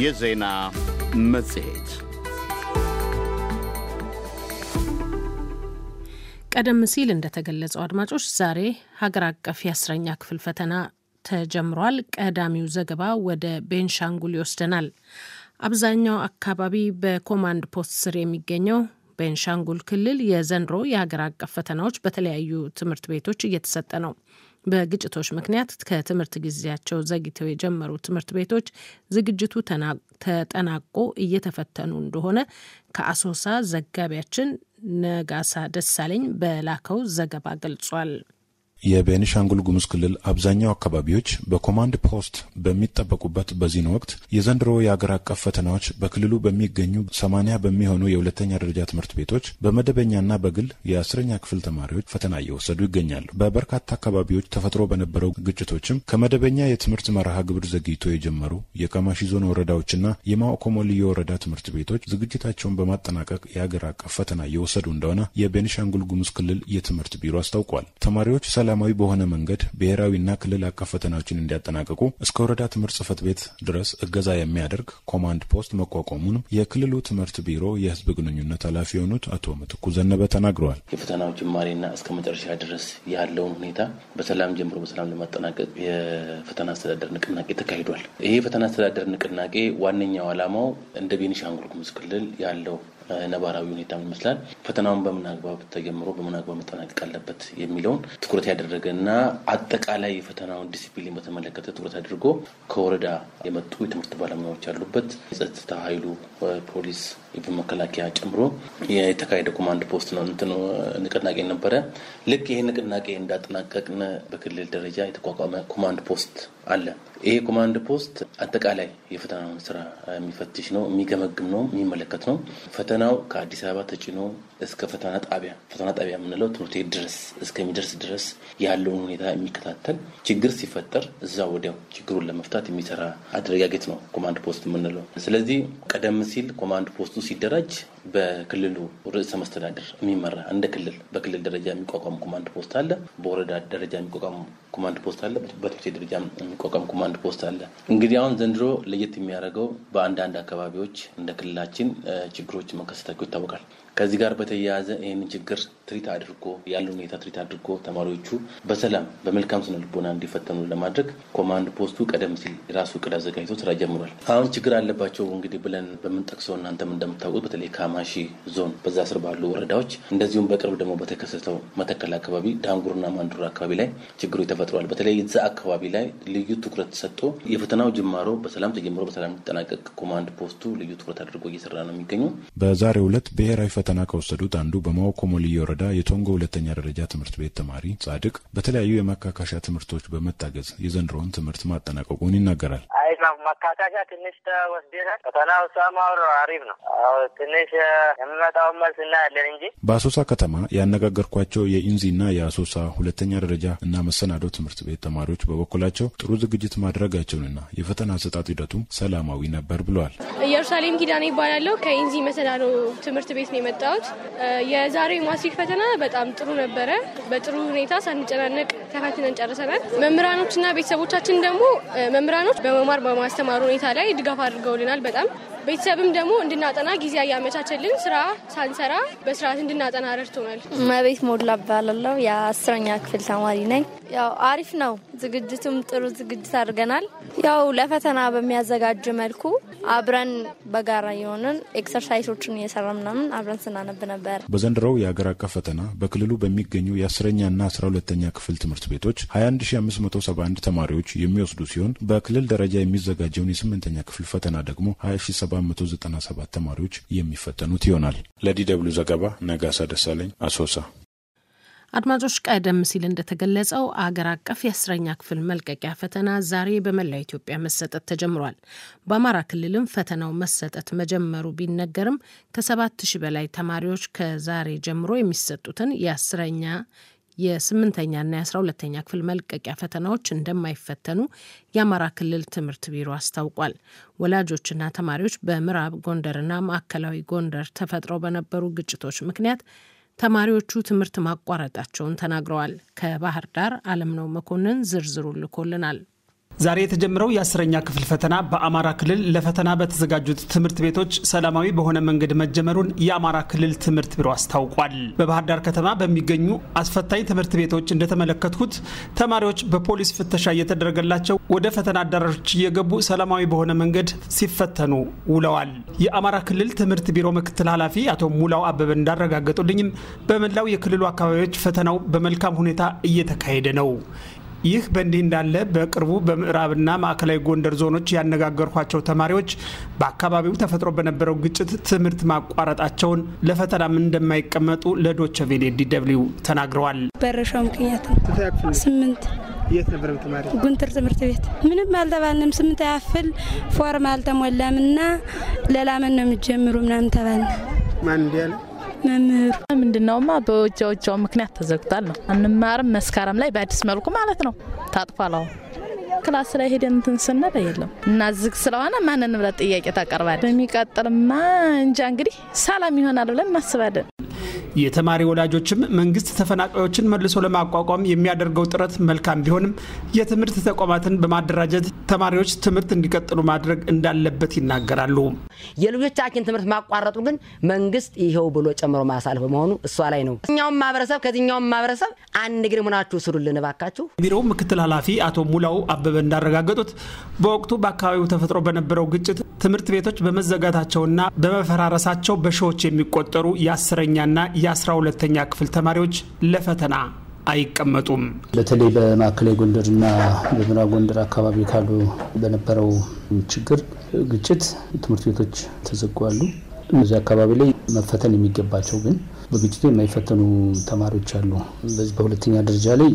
የዜና መጽሔት ቀደም ሲል እንደተገለጸው አድማጮች ዛሬ ሀገር አቀፍ የአስረኛ ክፍል ፈተና ተጀምሯል። ቀዳሚው ዘገባ ወደ ቤንሻንጉል ይወስደናል። አብዛኛው አካባቢ በኮማንድ ፖስት ስር የሚገኘው ቤንሻንጉል ክልል የዘንድሮ የሀገር አቀፍ ፈተናዎች በተለያዩ ትምህርት ቤቶች እየተሰጠ ነው። በግጭቶች ምክንያት ከትምህርት ጊዜያቸው ዘግተው የጀመሩ ትምህርት ቤቶች ዝግጅቱ ተጠናቆ እየተፈተኑ እንደሆነ ከአሶሳ ዘጋቢያችን ነጋሳ ደሳለኝ በላከው ዘገባ ገልጿል። የቤኒሻንጉል ጉሙዝ ክልል አብዛኛው አካባቢዎች በኮማንድ ፖስት በሚጠበቁበት በዚህን ወቅት የዘንድሮ የአገር አቀፍ ፈተናዎች በክልሉ በሚገኙ ሰማንያ በሚሆኑ የሁለተኛ ደረጃ ትምህርት ቤቶች በመደበኛና በግል የአስረኛ ክፍል ተማሪዎች ፈተና እየወሰዱ ይገኛሉ። በበርካታ አካባቢዎች ተፈጥሮ በነበረው ግጭቶችም ከመደበኛ የትምህርት መርሃ ግብር ዘግይቶ የጀመሩ የቀማሺ ዞን ወረዳዎችና የማኦኮሞ ልዩ ወረዳ ትምህርት ቤቶች ዝግጅታቸውን በማጠናቀቅ የአገር አቀፍ ፈተና እየወሰዱ እንደሆነ የቤኒሻንጉል ጉሙዝ ክልል የትምህርት ቢሮ አስታውቋል። ተማሪዎች ሰላም ሰላማዊ በሆነ መንገድ ብሔራዊና ክልል አቀፍ ፈተናዎችን እንዲያጠናቀቁ እስከ ወረዳ ትምህርት ጽህፈት ቤት ድረስ እገዛ የሚያደርግ ኮማንድ ፖስት መቋቋሙን የክልሉ ትምህርት ቢሮ የህዝብ ግንኙነት ኃላፊ የሆኑት አቶ ምትኩ ዘነበ ተናግረዋል። የፈተናው ጅማሬና እስከ መጨረሻ ድረስ ያለውን ሁኔታ በሰላም ጀምሮ በሰላም ለማጠናቀቅ የፈተና አስተዳደር ንቅናቄ ተካሂዷል። ይሄ የፈተና አስተዳደር ንቅናቄ ዋነኛው ዓላማው እንደ ቤኒሻንጉል ጉሙዝ ክልል ያለው ነባራዊ ሁኔታ ምን ይመስላል፣ ፈተናውን በምን አግባብ ተጀምሮ በምን አግባብ መጠናቀቅ አለበት የሚለውን ትኩረት ያደረገ እና አጠቃላይ የፈተናውን ዲሲፕሊን በተመለከተ ትኩረት አድርጎ ከወረዳ የመጡ የትምህርት ባለሙያዎች ያሉበት የጸጥታ ኃይሉ ፖሊስ፣ መከላከያ ጨምሮ የተካሄደ ኮማንድ ፖስት ነው እንትን ንቅናቄ ነበረ። ልክ ይህ ንቅናቄ እንዳጠናቀቅን በክልል ደረጃ የተቋቋመ ኮማንድ ፖስት አለ። ይሄ ኮማንድ ፖስት አጠቃላይ የፈተናውን ስራ የሚፈትሽ ነው፣ የሚገመግም ነው፣ የሚመለከት ነው። ፈተናው ከአዲስ አበባ ተጭኖ እስከ ፈተና ጣቢያ ፈተና ጣቢያ የምንለው ትምህርት ቤት ድረስ እስከሚደርስ ድረስ ያለውን ሁኔታ የሚከታተል ችግር ሲፈጠር እዛ ወዲያው ችግሩን ለመፍታት የሚሰራ አደረጋጌት ነው ኮማንድ ፖስት የምንለው። ስለዚህ ቀደም ሲል ኮማንድ ፖስቱ ሲደራጅ በክልሉ ርዕሰ መስተዳድር የሚመራ እንደ ክልል በክልል ደረጃ የሚቋቋም ኮማንድ ፖስት አለ። በወረዳ ደረጃ የሚቋቋም ኮማንድ ፖስት አለ። በትምህርት ደረጃ የሚቋቋም ኮማንድ ፖስት አለ። እንግዲህ አሁን ዘንድሮ ለየት የሚያደርገው በአንዳንድ አካባቢዎች እንደ ክልላችን ችግሮች መከሰታቸው ይታወቃል። ከዚህ ጋር በተያያዘ ይህንን ችግር ትሪት አድርጎ ያለ ሁኔታ ትሪት አድርጎ ተማሪዎቹ በሰላም በመልካም ስነ ልቦና እንዲፈተኑ ለማድረግ ኮማንድ ፖስቱ ቀደም ሲል የራሱ እቅድ አዘጋጅቶ ስራ ጀምሯል። አሁን ችግር አለባቸው እንግዲህ ብለን በምንጠቅሰው እናንተም እንደምታውቁት በተለይ ካማሺ ዞን በዛ ስር ባሉ ወረዳዎች እንደዚሁም በቅርብ ደግሞ በተከሰተው መተከል አካባቢ ዳንጉርና ማንዱር አካባቢ ላይ ችግሩ ተፈጥሯል። በተለይ እዛ አካባቢ ላይ ልዩ ትኩረት ሰጥቶ የፈተናው ጅማሮ በሰላም ተጀምሮ በሰላም እንዲጠናቀቅ ኮማንድ ፖስቱ ልዩ ትኩረት አድርጎ እየሰራ ነው የሚገኙ በዛሬው ዕለት ብሔራዊ ፈተና ከወሰዱት አንዱ በማኦ ኮሞልዬ ወረዳ የቶንጎ ሁለተኛ ደረጃ ትምህርት ቤት ተማሪ ጻድቅ በተለያዩ የማካካሻ ትምህርቶች በመታገዝ የዘንድሮውን ትምህርት ማጠናቀቁን ይናገራል። ማካካሻ ትንሽ ተወስደናል። ፈተናው ሰማሩ አሪፍ ነው። ትንሽ የሚመጣውን መልስ እናያለን እንጂ በአሶሳ ከተማ ያነጋገርኳቸው የኢንዚና የአሶሳ ሁለተኛ ደረጃ እና መሰናዶ ትምህርት ቤት ተማሪዎች በበኩላቸው ጥሩ ዝግጅት ማድረጋቸውንና የፈተና አሰጣጥ ሂደቱም ሰላማዊ ነበር ብለዋል። ኢየሩሳሌም ኪዳኔ ይባላለሁ። ከኢንዚ መሰናዶ ትምህርት ቤት ነው የመጣሁት። የዛሬ ማትሪክ ፈተና በጣም ጥሩ ነበረ። በጥሩ ሁኔታ ሳንጨናነቅ ተፈትነን ጨርሰናል። መምህራኖችና ቤተሰቦቻችን ደግሞ መምህራኖች በመማር በማስተማር ሁኔታ ላይ ድጋፍ አድርገውልናል በጣም ቤተሰብም ደግሞ እንድናጠና ጊዜ እያመቻቸልን ስራ ሳንሰራ በስርዓት እንድናጠና ረድቶናል። መቤት ሞላ እባላለሁ። የአስረኛ ክፍል ተማሪ ነኝ። ያው አሪፍ ነው ዝግጅቱም ጥሩ ዝግጅት አድርገናል። ያው ለፈተና በሚያዘጋጅ መልኩ አብረን በጋራ የሆንን ኤክሰርሳይሶችን እየሰራ ምናምን አብረን ስናነብ ነበር። በዘንድሮው የሀገር አቀፍ ፈተና በክልሉ በሚገኙ የአስረኛና አስራ ሁለተኛ ክፍል ትምህርት ቤቶች 21571 ተማሪዎች የሚወስዱ ሲሆን በክልል ደረጃ የሚዘጋጀውን የስምንተኛ ክፍል ፈተና ደግሞ 2 797 ተማሪዎች የሚፈተኑት ይሆናል። ለዲደብሉ ዘገባ ነጋሳ ደሳለኝ አሶሳ። አድማጮች ቀደም ሲል እንደተገለጸው አገር አቀፍ የአስረኛ ክፍል መልቀቂያ ፈተና ዛሬ በመላው ኢትዮጵያ መሰጠት ተጀምሯል። በአማራ ክልልም ፈተናው መሰጠት መጀመሩ ቢነገርም ከሰባት ሺህ በላይ ተማሪዎች ከዛሬ ጀምሮ የሚሰጡትን የአስረኛ የስምንተኛና የአስራ ሁለተኛ ክፍል መልቀቂያ ፈተናዎች እንደማይፈተኑ የአማራ ክልል ትምህርት ቢሮ አስታውቋል። ወላጆችና ተማሪዎች በምዕራብ ጎንደርና ማዕከላዊ ጎንደር ተፈጥረው በነበሩ ግጭቶች ምክንያት ተማሪዎቹ ትምህርት ማቋረጣቸውን ተናግረዋል። ከባህር ዳር አለምነው መኮንን ዝርዝሩ ልኮልናል። ዛሬ የተጀመረው የአስረኛ ክፍል ፈተና በአማራ ክልል ለፈተና በተዘጋጁት ትምህርት ቤቶች ሰላማዊ በሆነ መንገድ መጀመሩን የአማራ ክልል ትምህርት ቢሮ አስታውቋል። በባህር ዳር ከተማ በሚገኙ አስፈታኝ ትምህርት ቤቶች እንደተመለከትኩት ተማሪዎች በፖሊስ ፍተሻ እየተደረገላቸው ወደ ፈተና አዳራሾች እየገቡ ሰላማዊ በሆነ መንገድ ሲፈተኑ ውለዋል። የአማራ ክልል ትምህርት ቢሮ ምክትል ኃላፊ አቶ ሙላው አበበ እንዳረጋገጡልኝም በመላው የክልሉ አካባቢዎች ፈተናው በመልካም ሁኔታ እየተካሄደ ነው። ይህ በእንዲህ እንዳለ በቅርቡ በምዕራብና ማዕከላዊ ጎንደር ዞኖች ያነጋገርኳቸው ተማሪዎች በአካባቢው ተፈጥሮ በነበረው ግጭት ትምህርት ማቋረጣቸውን ለፈተናም እንደማይቀመጡ ለዶቸ ቬሌ ዲደብሊው ተናግረዋል። በረሻው ምክንያት ነው። ስምንት የት ነበር ምትማሪ? ጉንትር ትምህርት ቤት ምንም አልተባልንም። ስምንት ያፍል ፎርም አልተሞላም ሌላ ለላመን ነው የሚጀምሩ ምናምን ተባልን። ማን እንዲያለ መምህሩ ምንድነውማ በወጃወጃው ምክንያት ተዘግቷል ነው አንማርም። መስከረም ላይ በአዲስ መልኩ ማለት ነው ታጥፏል። አሁን ክላስ ላይ ሄደን እንትን ስንል የለም እና ዝግ ስለሆነ ማንን ብለን ጥያቄ ታቀርባለህ። በሚቀጥልማ እንጃ እንግዲህ ሰላም ይሆናል ብለን እናስባለን። የተማሪ ወላጆችም መንግስት ተፈናቃዮችን መልሶ ለማቋቋም የሚያደርገው ጥረት መልካም ቢሆንም የትምህርት ተቋማትን በማደራጀት ተማሪዎች ትምህርት እንዲቀጥሉ ማድረግ እንዳለበት ይናገራሉ። የልጆቻችን ትምህርት ማቋረጡ ግን መንግስት ይኸው ብሎ ጨምሮ ማሳለፍ በመሆኑ እሷ ላይ ነው። እኛውም ማህበረሰብ ከዚኛውም ማህበረሰብ አንድ ግን ሆናችሁ ስሩልን እባካችሁ። ቢሮው ምክትል ኃላፊ አቶ ሙላው አበበ እንዳረጋገጡት በወቅቱ በአካባቢው ተፈጥሮ በነበረው ግጭት ትምህርት ቤቶች በመዘጋታቸውና በመፈራረሳቸው በሺዎች የሚቆጠሩ የአስረኛና የ12ተኛ ክፍል ተማሪዎች ለፈተና አይቀመጡም። በተለይ በማዕከላዊ ጎንደርና በምዕራብ ጎንደር አካባቢ ካሉ በነበረው ችግር ግጭት ትምህርት ቤቶች ተዘጓሉ። እነዚህ አካባቢ ላይ መፈተን የሚገባቸው ግን በግጭቱ የማይፈተኑ ተማሪዎች አሉ። በዚህ በሁለተኛ ደረጃ ላይ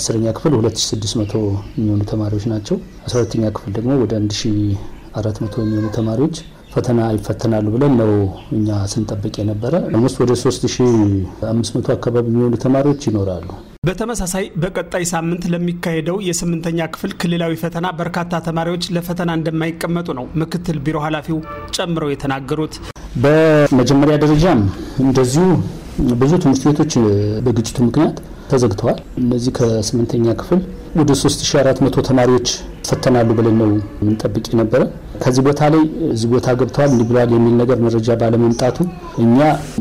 አስረኛ ክፍል 2600 የሚሆኑ ተማሪዎች ናቸው። ሁለተኛ ክፍል ደግሞ ወደ 1400 የሚሆኑ ተማሪዎች ፈተና ይፈተናሉ ብለን ነው እኛ ስንጠብቅ የነበረ። ኦልሞስት ወደ 3500 አካባቢ የሚሆኑ ተማሪዎች ይኖራሉ። በተመሳሳይ በቀጣይ ሳምንት ለሚካሄደው የስምንተኛ ክፍል ክልላዊ ፈተና በርካታ ተማሪዎች ለፈተና እንደማይቀመጡ ነው ምክትል ቢሮ ኃላፊው ጨምረው የተናገሩት። በመጀመሪያ ደረጃም እንደዚሁ ብዙ ትምህርት ቤቶች በግጭቱ ምክንያት ተዘግተዋል። እነዚህ ከስምንተኛ ክፍል ወደ 3400 ተማሪዎች ይፈተናሉ ብለን ነው የምንጠብቅ የነበረ ከዚህ ቦታ ላይ እዚህ ቦታ ገብተዋል እንዲህ ብለዋል የሚል ነገር መረጃ ባለመምጣቱ እኛ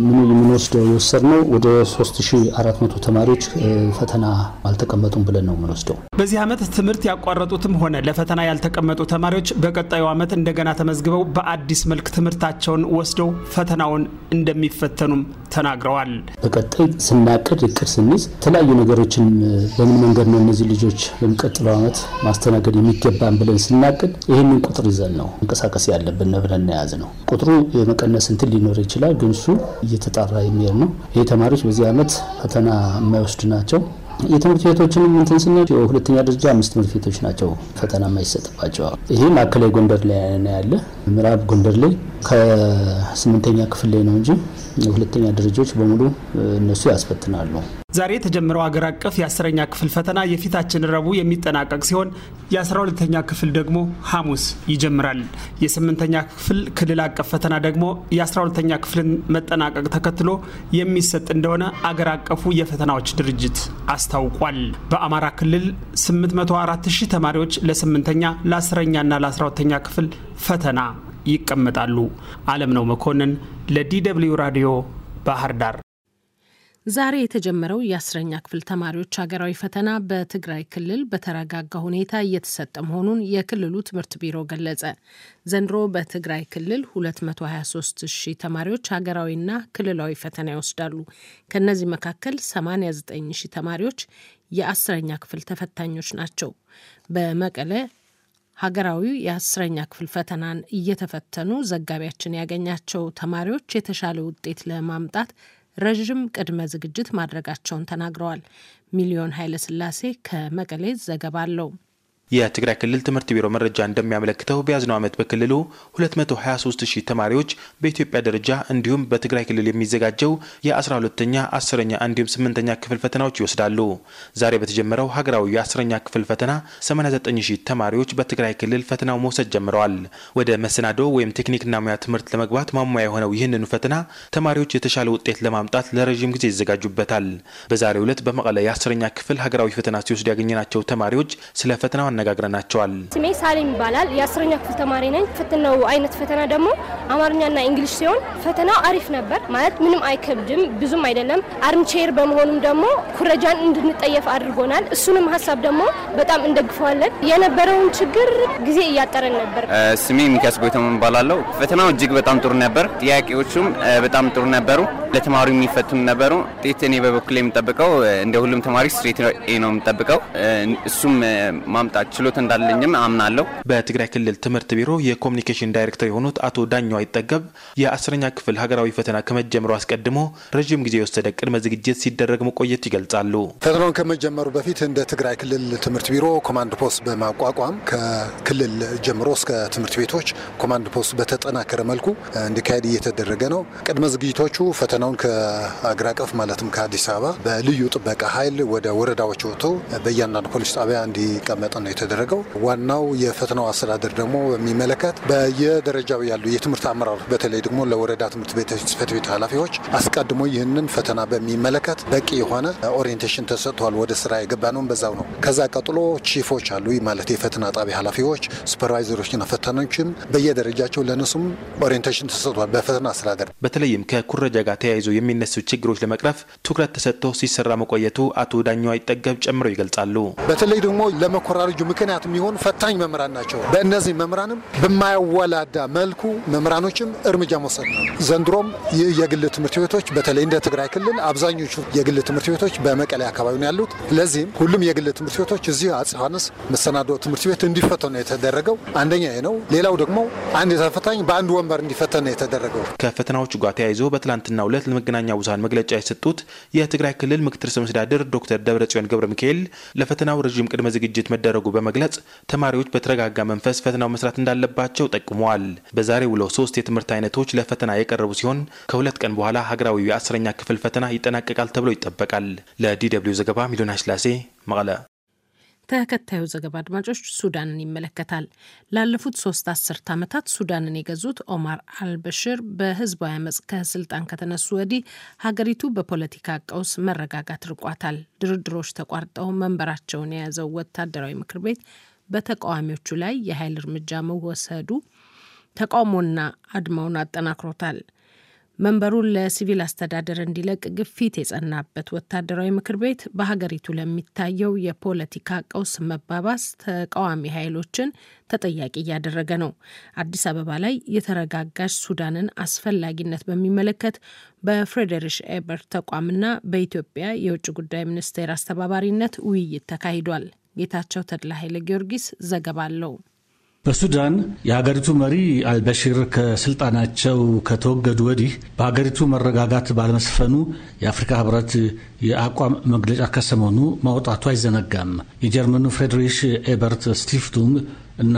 ምኑ የምንወስደው ነው ወደ 3400 ተማሪዎች ፈተና አልተቀመጡም ብለን ነው የምንወስደው። በዚህ ዓመት ትምህርት ያቋረጡትም ሆነ ለፈተና ያልተቀመጡ ተማሪዎች በቀጣዩ ዓመት እንደገና ተመዝግበው በአዲስ መልክ ትምህርታቸውን ወስደው ፈተናውን እንደሚፈተኑም ተናግረዋል። በቀጣይ ስናቅድ እቅድ ስንይዝ የተለያዩ ነገሮችን በምን መንገድ ነው እነዚህ ልጆች በሚቀጥለው ዓመት ማስተናገድ የሚገባን ብለን ስናቅድ ይህንን ቁጥር ይዘን ነው መንቀሳቀስ ያለብን ብለን የያዝ ነው። ቁጥሩ የመቀነስ እንትን ሊኖር ይችላል፣ ግን እሱ እየተጣራ የሚሄድ ነው። ይህ ተማሪዎች በዚህ ዓመት ፈተና የማይወስድ ናቸው። የትምህርት ቤቶችን እንትን ስንል ሁለተኛ ደረጃ አምስት ትምህርት ቤቶች ናቸው ፈተና የማይሰጥባቸዋል። ይሄ ማዕከላዊ ጎንደር ላይ ያለ ምዕራብ ጎንደር ላይ ከስምንተኛ ክፍል ላይ ነው እንጂ ሁለተኛ ደረጃዎች በሙሉ እነሱ ያስፈትናሉ። ዛሬ የተጀመረው አገር አቀፍ የአስረኛ ክፍል ፈተና የፊታችን ረቡዕ የሚጠናቀቅ ሲሆን የአስራ ሁለተኛ ክፍል ደግሞ ሐሙስ ይጀምራል። የስምንተኛ ክፍል ክልል አቀፍ ፈተና ደግሞ የአስራ ሁለተኛ ክፍልን መጠናቀቅ ተከትሎ የሚሰጥ እንደሆነ አገር አቀፉ የፈተናዎች ድርጅት አስታውቋል። በአማራ ክልል 804 ሺህ ተማሪዎች ለስምንተኛ ለአስረኛና ለአስራ ሁለተኛ ክፍል ፈተና ይቀመጣሉ። አለም ነው መኮንን ለዲ ደብልዩ ራዲዮ ባህር ዳር ዛሬ የተጀመረው የአስረኛ ክፍል ተማሪዎች ሀገራዊ ፈተና በትግራይ ክልል በተረጋጋ ሁኔታ እየተሰጠ መሆኑን የክልሉ ትምህርት ቢሮ ገለጸ። ዘንድሮ በትግራይ ክልል 223 ሺህ ተማሪዎች ሀገራዊና ክልላዊ ፈተና ይወስዳሉ። ከእነዚህ መካከል 89 ሺህ ተማሪዎች የአስረኛ ክፍል ተፈታኞች ናቸው። በመቀለ ሀገራዊ የአስረኛ ክፍል ፈተናን እየተፈተኑ ዘጋቢያችን ያገኛቸው ተማሪዎች የተሻለ ውጤት ለማምጣት ረዥም ቅድመ ዝግጅት ማድረጋቸውን ተናግረዋል። ሚሊዮን ኃይለስላሴ ከመቀሌ ዘገባ አለው። የትግራይ ክልል ትምህርት ቢሮ መረጃ እንደሚያመለክተው በያዝነው ዓመት በክልሉ 223 ሺህ ተማሪዎች በኢትዮጵያ ደረጃ እንዲሁም በትግራይ ክልል የሚዘጋጀው የ12ኛ፣ 10ኛ እንዲሁም 8ኛ ክፍል ፈተናዎች ይወስዳሉ። ዛሬ በተጀመረው ሀገራዊ የ10ኛ ክፍል ፈተና 89 ሺህ ተማሪዎች በትግራይ ክልል ፈተናው መውሰድ ጀምረዋል። ወደ መሰናዶ ወይም ቴክኒክና ሙያ ትምህርት ለመግባት ማሟያ የሆነው ይህንኑ ፈተና ተማሪዎች የተሻለ ውጤት ለማምጣት ለረዥም ጊዜ ይዘጋጁበታል። በዛሬው ዕለት በመቀለ የ10ኛ ክፍል ሀገራዊ ፈተና ሲወስዱ ያገኘናቸው ተማሪዎች ስለ ፈተናው አነጋግረናቸዋል። ስሜ ሳሌም ይባላል። የአስረኛ ክፍል ተማሪ ነኝ። ፈተናው አይነት ፈተና ደግሞ አማርኛና እንግሊሽ ሲሆን ፈተናው አሪፍ ነበር ማለት ምንም አይከብድም፣ ብዙም አይደለም። አርምቼር በመሆኑም ደግሞ ኩረጃን እንድንጠየፍ አድርጎናል። እሱንም ሀሳብ ደግሞ በጣም እንደግፈዋለን። የነበረውን ችግር ጊዜ እያጠረን ነበር። ስሜ ሚካስ ቦይተመን እባላለሁ። ፈተናው እጅግ በጣም ጥሩ ነበር። ጥያቄዎቹም በጣም ጥሩ ነበሩ። ለተማሪው የሚፈትኑ ነበሩ። ውጤት እኔ በበኩል የምጠብቀው እንደ ሁሉም ተማሪ ስትሬት ኤ ነው የምጠብቀው። እሱም ማምጣት ችሎት እንዳለኝም አምናለሁ። በትግራይ ክልል ትምህርት ቢሮ የኮሚኒኬሽን ዳይሬክተር የሆኑት አቶ ዳኛው አይጠገብ የአስረኛ ክፍል ሀገራዊ ፈተና ከመጀመሩ አስቀድሞ ረዥም ጊዜ የወሰደ ቅድመ ዝግጅት ሲደረግ መቆየት ይገልጻሉ። ፈተናውን ከመጀመሩ በፊት እንደ ትግራይ ክልል ትምህርት ቢሮ ኮማንድ ፖስት በማቋቋም ከክልል ጀምሮ እስከ ትምህርት ቤቶች ኮማንድ ፖስት በተጠናከረ መልኩ እንዲካሄድ እየተደረገ ነው። ቅድመ ዝግጅቶቹ ፈተናውን ከአገር አቀፍ ማለትም ከአዲስ አበባ በልዩ ጥበቃ ኃይል ወደ ወረዳዎች ወጥቶ በእያንዳንዱ ፖሊስ ጣቢያ እንዲቀመጥ ነው የተደረገው። ዋናው የፈተናው አስተዳደር ደግሞ በሚመለከት በየደረጃው ያሉ የትምህርት አመራሮች በተለይ ደግሞ ለወረዳ ትምህርት ቤት ጽህፈት ቤት ኃላፊዎች አስቀድሞ ይህንን ፈተና በሚመለከት በቂ የሆነ ኦሪየንቴሽን ተሰጥቷል። ወደ ስራ የገባ ነው በዛው ነው። ከዛ ቀጥሎ ቺፎች አሉ ማለት የፈተና ጣቢያ ኃላፊዎች፣ ሱፐርቫይዘሮችና ፈተናዎችም በየደረጃቸው ለነሱም ኦሪንቴሽን ተሰጥቷል። በፈተና አስተዳደር በተለይም ከኩረጃ ጋር ተያይዞ የሚነሱ ችግሮች ለመቅረፍ ትኩረት ተሰጥቶ ሲሰራ መቆየቱ አቶ ዳኛ ይጠገብ ጨምረው ይገልጻሉ። በተለይ ደግሞ ለመኮራረጅ ምክንያት የሚሆን ፈታኝ መምህራን ናቸው። በእነዚህ መምህራንም በማያወላዳ መልኩ መምህራኖችም እርምጃ መውሰድ ነው። ዘንድሮም የግል ትምህርት ቤቶች በተለይ እንደ ትግራይ ክልል አብዛኞቹ የግል ትምህርት ቤቶች በመቀሌ አካባቢ ነው ያሉት። ለዚህም ሁሉም የግል ትምህርት ቤቶች እዚህ አፄ ዮሐንስ መሰናዶ ትምህርት ቤት እንዲፈተን የተደረገው። አንደኛ ነው። ሌላው ደግሞ አንድ ተፈታኝ በአንድ ወንበር እንዲፈተን ነው የተደረገው። ከፈተናዎቹ ጋር ተያይዞ በትላንትና ሁለት ለመገናኛ ብዙኃን መግለጫ የሰጡት የትግራይ ክልል ምክትል ርዕሰ መስተዳድር ዶክተር ደብረጽዮን ገብረ ሚካኤል ለፈተናው ረዥም ቅድመ ዝግጅት መደረጉ በመግለጽ ተማሪዎች በተረጋጋ መንፈስ ፈተናው መስራት እንዳለባቸው ጠቁመዋል። በዛሬ ውለው ሶስት የትምህርት አይነቶች ለፈተና የቀረቡ ሲሆን ከሁለት ቀን በኋላ ሀገራዊ የአስረኛ ክፍል ፈተና ይጠናቀቃል ተብሎ ይጠበቃል። ለዲ ደብልዩ ዘገባ ሚሊዮን አሽላሴ መቀለ ተከታዩ ዘገባ አድማጮች ሱዳንን ይመለከታል። ላለፉት ሶስት አስርት ዓመታት ሱዳንን የገዙት ኦማር አልበሽር በህዝባዊ አመፅ ከስልጣን ከተነሱ ወዲህ ሀገሪቱ በፖለቲካ ቀውስ መረጋጋት ርቋታል። ድርድሮች ተቋርጠው መንበራቸውን የያዘው ወታደራዊ ምክር ቤት በተቃዋሚዎቹ ላይ የኃይል እርምጃ መወሰዱ ተቃውሞና አድማውን አጠናክሮታል። መንበሩን ለሲቪል አስተዳደር እንዲለቅ ግፊት የጸናበት ወታደራዊ ምክር ቤት በሀገሪቱ ለሚታየው የፖለቲካ ቀውስ መባባስ ተቃዋሚ ኃይሎችን ተጠያቂ እያደረገ ነው። አዲስ አበባ ላይ የተረጋጋች ሱዳንን አስፈላጊነት በሚመለከት በፍሬደሪሽ ኤበርት ተቋምና በኢትዮጵያ የውጭ ጉዳይ ሚኒስቴር አስተባባሪነት ውይይት ተካሂዷል። ጌታቸው ተድላ ኃይለ ጊዮርጊስ ዘገባ አለው። በሱዳን የሀገሪቱ መሪ አልበሺር ከስልጣናቸው ከተወገዱ ወዲህ በሀገሪቱ መረጋጋት ባለመስፈኑ የአፍሪካ ህብረት የአቋም መግለጫ ከሰሞኑ ማውጣቱ አይዘነጋም። የጀርመኑ ፍሬድሪሽ ኤበርት ስቲፍቱንግ እና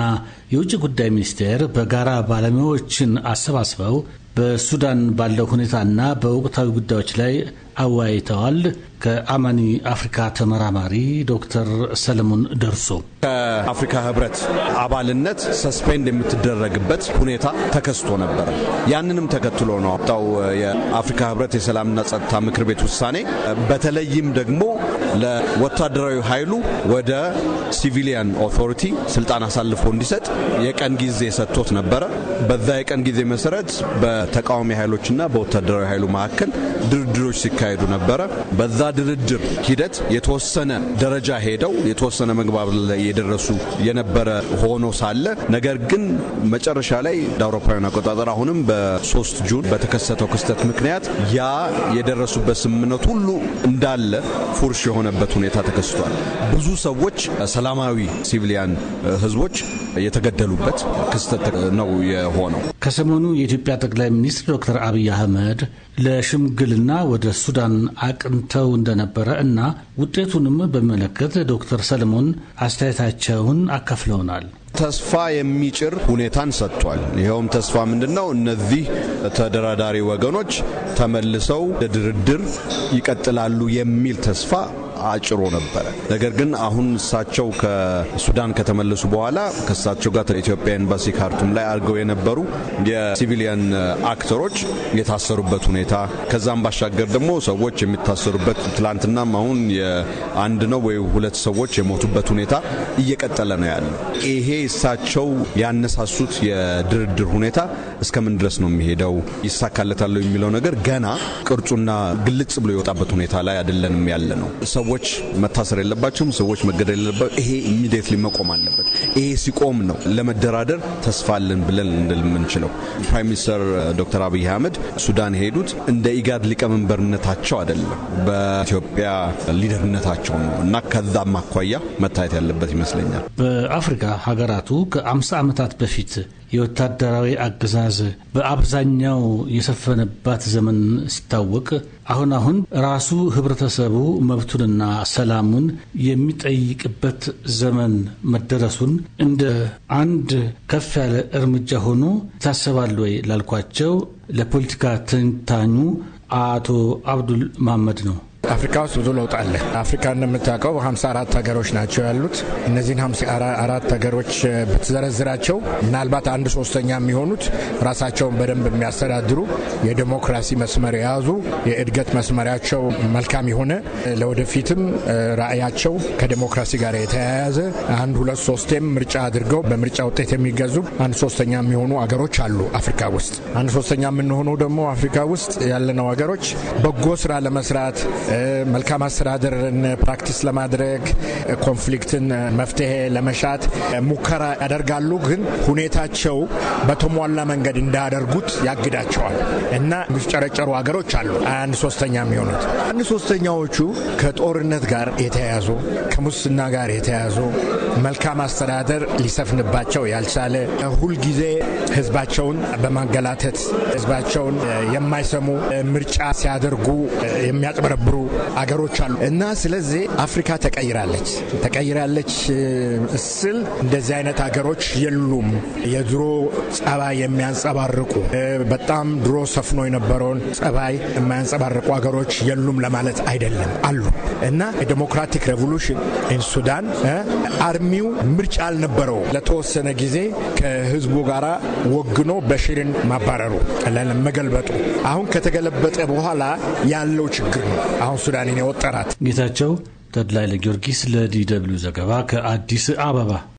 የውጭ ጉዳይ ሚኒስቴር በጋራ ባለሙያዎችን አሰባስበው በሱዳን ባለው ሁኔታና በወቅታዊ ጉዳዮች ላይ አወያይተዋል። ከአማኒ አፍሪካ ተመራማሪ ዶክተር ሰለሞን ደርሶ ከአፍሪካ ህብረት አባልነት ሰስፔንድ የምትደረግበት ሁኔታ ተከስቶ ነበረ። ያንንም ተከትሎ ነው ጣው የአፍሪካ ህብረት የሰላምና ጸጥታ ምክር ቤት ውሳኔ በተለይም ደግሞ ለወታደራዊ ኃይሉ ወደ ሲቪሊያን ኦቶሪቲ ስልጣን አሳልፎ እንዲሰጥ የቀን ጊዜ ሰጥቶት ነበረ። በዛ የቀን ጊዜ መሰረት በተቃዋሚ ኃይሎችና በወታደራዊ ኃይሉ መካከል ድርድሮች ሲካሄዱ ነበረ። በዛ ድርድር ሂደት የተወሰነ ደረጃ ሄደው የተወሰነ መግባባት ላይ የደረሱ የነበረ ሆኖ ሳለ ነገር ግን መጨረሻ ላይ እንደ አውሮፓውያን አቆጣጠር አሁንም በሶስት ጁን በተከሰተው ክስተት ምክንያት ያ የደረሱበት ስምምነት ሁሉ እንዳለ ፉርሽ የሆነበት ሁኔታ ተከስቷል። ብዙ ሰዎች ሰላማዊ ሲቪሊያን ህዝቦች የተገደሉበት ክስተት ነው የሆነው። ከሰሞኑ የኢትዮጵያ ጠቅላይ ሚኒስትር ዶክተር አብይ አህመድ ለሽምግልና ወደ ሱዳን አቅንተው እንደነበረ እና ውጤቱንም በሚመለከት ዶክተር ሰለሞን አስተያየታቸውን አካፍለውናል። ተስፋ የሚጭር ሁኔታን ሰጥቷል። ይኸውም ተስፋ ምንድን ነው? እነዚህ ተደራዳሪ ወገኖች ተመልሰው ለድርድር ይቀጥላሉ የሚል ተስፋ አጭሮ ነበረ። ነገር ግን አሁን እሳቸው ከሱዳን ከተመለሱ በኋላ ከእሳቸው ጋር ኢትዮጵያ ኤምባሲ ካርቱም ላይ አድርገው የነበሩ የሲቪሊያን አክተሮች የታሰሩበት ሁኔታ ከዛም ባሻገር ደግሞ ሰዎች የሚታሰሩበት ትላንትናም አሁን የአንድ ነው ወይ ሁለት ሰዎች የሞቱበት ሁኔታ እየቀጠለ ነው ያለ። ይሄ እሳቸው ያነሳሱት የድርድር ሁኔታ እስከምን ድረስ ነው የሚሄደው ይሳካለታለሁ የሚለው ነገር ገና ቅርጹና ግልጽ ብሎ የወጣበት ሁኔታ ላይ አይደለንም ያለ ነው። ሰዎች መታሰር የለባቸውም፣ ሰዎች መገደል የለባቸው። ይሄ ኢሚዲየት መቆም አለበት። ይሄ ሲቆም ነው ለመደራደር ተስፋ አለን ብለን እንድል የምንችለው። ፕራይም ሚኒስተር ዶክተር አብይ አህመድ ሱዳን የሄዱት እንደ ኢጋድ ሊቀመንበርነታቸው አይደለም፣ በኢትዮጵያ ሊደርነታቸው ነው እና ከዛም አኳያ መታየት ያለበት ይመስለኛል። በአፍሪካ ሀገራቱ ከአምሳ ዓመታት በፊት የወታደራዊ አገዛዝ በአብዛኛው የሰፈነባት ዘመን ሲታወቅ አሁን አሁን ራሱ ህብረተሰቡ መብቱንና ሰላሙን የሚጠይቅበት ዘመን መደረሱን እንደ አንድ ከፍ ያለ እርምጃ ሆኖ ይታሰባል ወይ ላልኳቸው ለፖለቲካ ትንታኙ አቶ አብዱል መሐመድ ነው። አፍሪካ ውስጥ ብዙ ለውጥ አለ። አፍሪካ እንደምታውቀው አራት ሀገሮች ናቸው ያሉት። እነዚህን አራት ሀገሮች ብትዘረዝራቸው ምናልባት አንድ ሶስተኛ የሚሆኑት ራሳቸውን በደንብ የሚያስተዳድሩ የዲሞክራሲ መስመር የያዙ የእድገት መስመሪያቸው መልካም የሆነ ለወደፊትም ራዕያቸው ከዲሞክራሲ ጋር የተያያዘ አንድ ሁለት ሶስቴም ምርጫ አድርገው በምርጫ ውጤት የሚገዙ አንድ ሶስተኛ የሚሆኑ አገሮች አሉ አፍሪካ ውስጥ። አንድ ሶስተኛ የምንሆነው ደግሞ አፍሪካ ውስጥ ያለነው ሀገሮች በጎ ስራ ለመስራት መልካም አስተዳደርን ፕራክቲስ ለማድረግ ኮንፍሊክትን መፍትሄ ለመሻት ሙከራ ያደርጋሉ። ግን ሁኔታቸው በተሟላ መንገድ እንዳያደርጉት ያግዳቸዋል እና የሚፍጨረጨሩ ሀገሮች አሉ። አንድ ሶስተኛ የሚሆኑት አንድ ሶስተኛዎቹ ከጦርነት ጋር የተያያዙ ከሙስና ጋር የተያያዙ መልካም አስተዳደር ሊሰፍንባቸው ያልቻለ ሁልጊዜ ህዝባቸውን በማንገላተት ህዝባቸውን የማይሰሙ ምርጫ ሲያደርጉ የሚያጭበረብሩ አገሮች አሉ እና ስለዚህ አፍሪካ ተቀይራለች ተቀይራለች ስል እንደዚህ አይነት አገሮች የሉም። የድሮ ጸባይ የሚያንጸባርቁ በጣም ድሮ ሰፍኖ የነበረውን ጸባይ የማያንጸባርቁ አገሮች የሉም ለማለት አይደለም፣ አሉ እና የዴሞክራቲክ ሬቮሉሽን ኢንሱዳን አርሚው ምርጫ አልነበረው ለተወሰነ ጊዜ ከህዝቡ ጋር ወግኖ በሽርን ማባረሩ መገልበጡ አሁን ከተገለበጠ በኋላ ያለው ችግር ነው። አሁን ሱዳንን የወጠራት ጌታቸው ተድላይ ለጊዮርጊስ ለዲ ደብልዩ ዘገባ ከአዲስ አበባ